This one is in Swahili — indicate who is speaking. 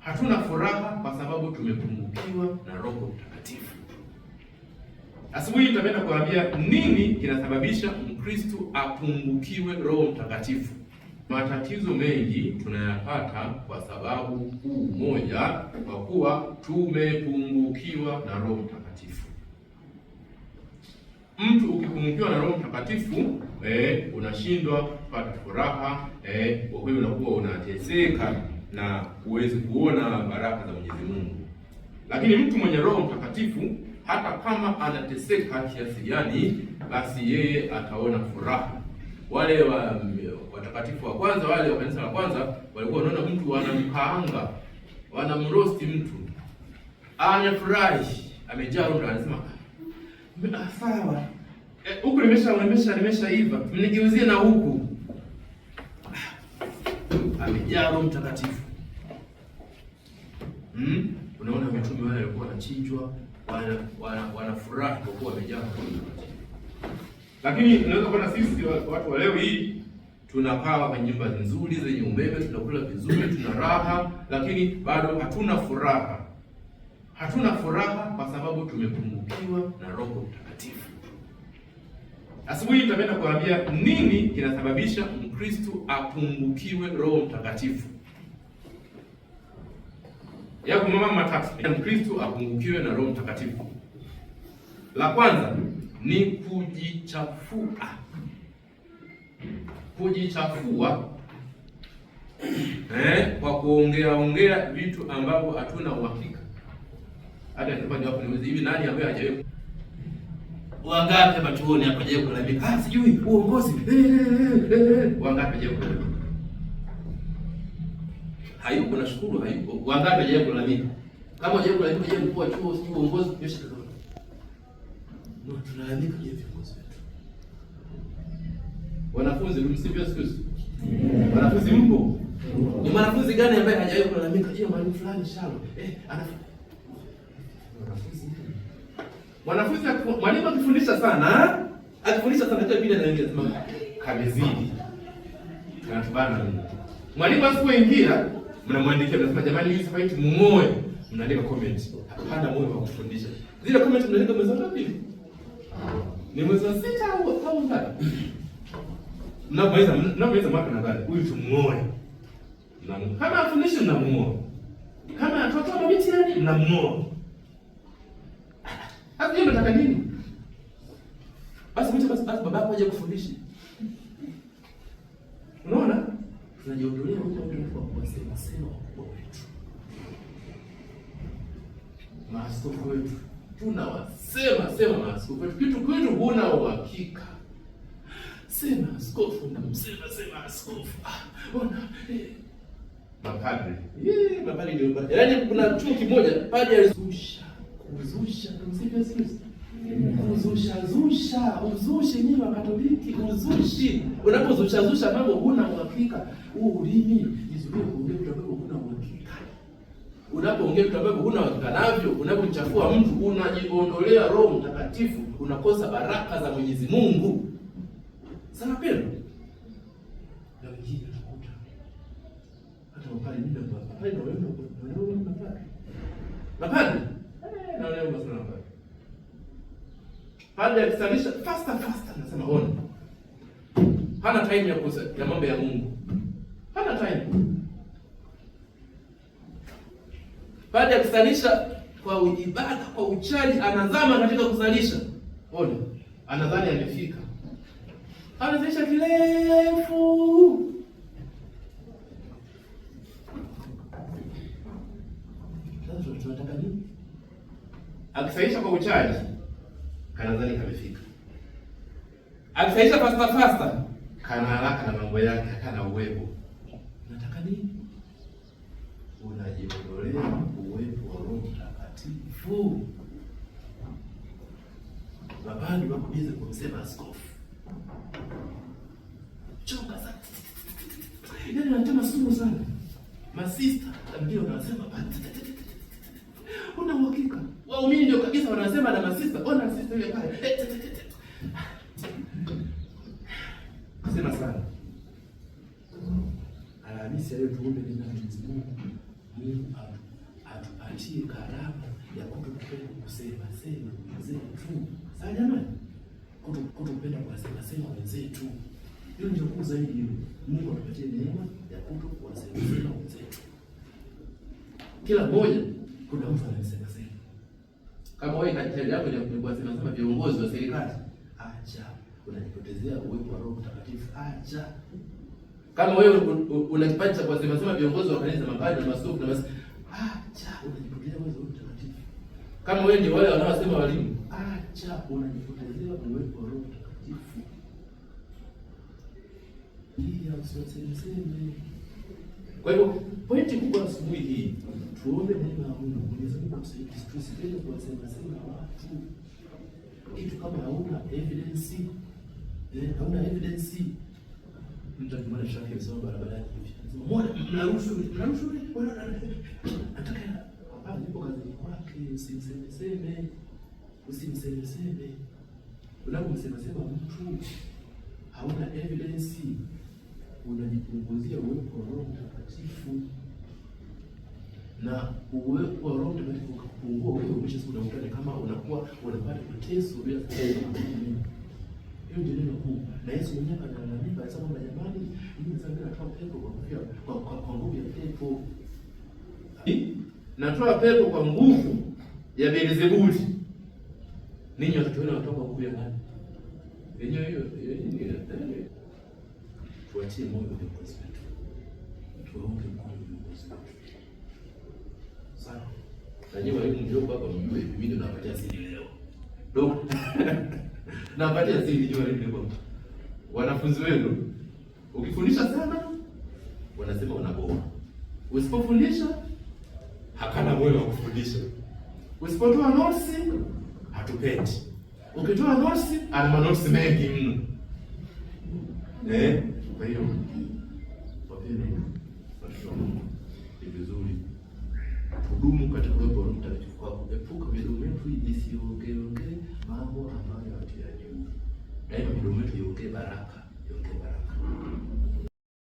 Speaker 1: hatuna furaha kwa sababu tumepungukiwa na Roho Mtakatifu. Asubuhi nitapenda kuambia nini kinasababisha Mkristo apungukiwe Roho Mtakatifu. Matatizo mengi tunayapata kwa sababu kuu moja, kwa kuwa tumepungukiwa na Roho Mtakatifu. Mtu ukipungukiwa na Roho Mtakatifu eh, unashindwa kupata furaha eh, kwa unakuwa unateseka na uweze kuona baraka za Mwenyezi Mungu. Lakini mtu mwenye Roho Mtakatifu hata kama anateseka kiasi gani, basi yeye ataona furaha. Wale wa watakatifu wa kwanza, wale wa kanisa la kwanza, walikuwa wanaona mtu wanamkaanga, wanamrosti mtu amefurahi, amejaa roho, anasema ah, sawa, eh, huku nimesha nimesha iva mnigeuzie na huku amejaa Roho Mtakatifu. Hmm? Unaona mitume wale walikuwa wanachinjwa, wana wanafurahi kwa kuwa wamejaa Roho Mtakatifu. Lakini unaweza kuona sisi watu wa leo hii tunakaa kwenye nyumba nzuri zenye umeme, tunakula vizuri, tuna raha, lakini bado hatuna furaha. Hatuna furaha kwa sababu tumepungukiwa na Roho Mtakatifu. Asubuhi nitapenda kuambia nini kinasababisha Mkristo apungukiwe Roho Mtakatifu. Yakumama matatu, Mkristo apungukiwe na Roho Mtakatifu. La kwanza ni kujichafua. Kujichafua eh, kwa kuongea ongea vitu ambavyo hatuna uhakika. Hata niwezi hivi, nani ambaye hajawahi Wangapi hapa chuoni hapa je kulalamika? Ah, sijui uongozi. Eh, eh, eh, Wangapi je kulalamika? Hayuko na shukuru hayuko. Wangapi je kulalamika? Kama je kulalamika je mkuu wa chuo sijui uongozi nyosha kidole. Ndio tunalalamika je viongozi wetu. Wanafunzi msipia siku hizi. Wanafunzi mpo? Ni mwanafunzi gani ambaye hajawahi kulalamika? Je, mwalimu fulani shalo? Eh, anafunza Mwanafunzi mwalimu akifundisha sana, akifundisha sana hata bila naingia sema kamezidi. Kanatubana mimi. Mwalimu asipoingia, mnamwandikia mnasema jamani hizi point mumoe, mnaandika comment. Hapana moyo wa kufundisha. Zile comment mnaandika mwezi wa pili Ni mwezi wa sita au au ngapi? Mnapoweza mnapoweza mwaka na baada. Huyu tumuoe. na Kama afundishi mnamuoa. Kama atotoa mabiti yani mnamuoa sasa hiyo nataka nini? Basi mtu basi basi babako aje kufundisha. Unaona? Tunajiondolea muda mrefu kwa kwa sema sema wakubwa wetu. Maaskofu wetu tunawasema sema maaskofu wetu, kitu kwetu huna uhakika. Sema askofu, na msema sema askofu. Ah, ona eh. Mapadre. Yee, mapadre ndio. Yaani kuna chuo kimoja padre alizungusha uzusha, tumsifu Yesu Uzusha zusha, uzushi ni wa Katoliki, uzushi. Unapozusha zusha mambo huna uhakika. Huu ulimi jizuie kuongea vitu ambavyo huna uhakika. Unapoongea vitu ambavyo huna uhakika navyo, unapomchafua mtu unajiondolea Roho Mtakatifu, unakosa baraka za Mwenyezi Mungu. Sana pendo. Na wengine tunakuta hata wapale muda baba. Pale ndio wao. Mapadre. hajakusalisha faster faster, nasema ona, hana time ya kusa, ya mambo ya Mungu, hana time. Baada ya kusalisha kwa ujibaka, kwa uchaji, anazama katika kusalisha. Ona, anadhani amefika, anazalisha kirefu akisaisha kwa uchaji kanadhani kamefika, akisaisha fasta fasta, kana haraka na mambo yake, hakana uwepo. Nataka nini? Unajiondolea uwepo wa Roho Mtakatifu. Mabadi wako bize kumsema askofu chunga sana, yani anatema sumu sana masista, ndio tena sana. Alhamisi aliyotuumbe ni Mwenyezi Mungu, Mungu atupatie karama ya kutupenda kusema sema wenzetu, sawa jamani, kutupenda kuwasema sema wenzetu. Hiyo ndio kuu zaidi, hiyo Mungu atupatie neema ya kuto sema wenzetu. Kila mmoja kuna mtu anasema sema, kama wewe katika yako ya kuwasema sema viongozi wa serikali, acha unanipotezea uwepo wa Roho Mtakatifu. Acha kama wewe una kipaji cha kusema sema viongozi wa kanisa, mapadri na maaskofu na basi, acha unanipotezea uwepo wa Roho Mtakatifu. Kama wewe ndio wale wanaosema walimu, acha unanipotezea uwepo wa Roho Mtakatifu. Hii usiwasemeseme. Kwa hivyo pointi kubwa asubuhi hii tuombe neema ya Mungu. Mwenyezi Mungu atusaidie tusipende kuwasema sema watu kitu kama hauna evidence eh, hauna evidence. Mtu akimwona shaka hivi barabara yake hivi. Anasema mbona mnarushwa mnarushwa bwana anataka hapa ndipo kazi yake usimseme seme usimseme seme. Unapomsema sema mtu hauna evidence unajipunguzia uwepo wa Roho Mtakatifu na uwepo wa Roho Mtakatifu ukapungua, wewe umeshasema unakutana kama unakuwa unapata mateso bila sababu. Hiyo ndio neno kuu. Na Yesu mwenyewe analalamika anasema kwamba jamani, mimi sasa natoa pepo kwa kufia kwa kwa kwa nguvu ya pepo. Eh? Natoa pepo kwa nguvu ya Beelzebuli. Ninyi watoto wenu watoka nguvu ya nani? Yenyewe hiyo yenyewe ndio. Tuachie moyo wa viongozi wetu. Tuombe kwa Mungu viongozi wetu. Sana. Na nyinyi walimu mlioko hapa mjue mimi ndio nawapatia siri leo. Dokta. na Napatia siri jua lile kwamba wanafunzi wenu ukifundisha sana wanasema wanaboa, usipofundisha hakana moyo wa kufundisha, usipotoa notes hatupendi, ukitoa notes ana notes mengi mno. Eh, kwa hiyo wapendwa, watoto wa Mungu, ni vizuri tudumu katika uwepo wa Mtakatifu kwa kuepuka midomo yetu isiyoongeongee mambo ambayo Daí meu nome é Yonke Baraka. Yonke Baraka.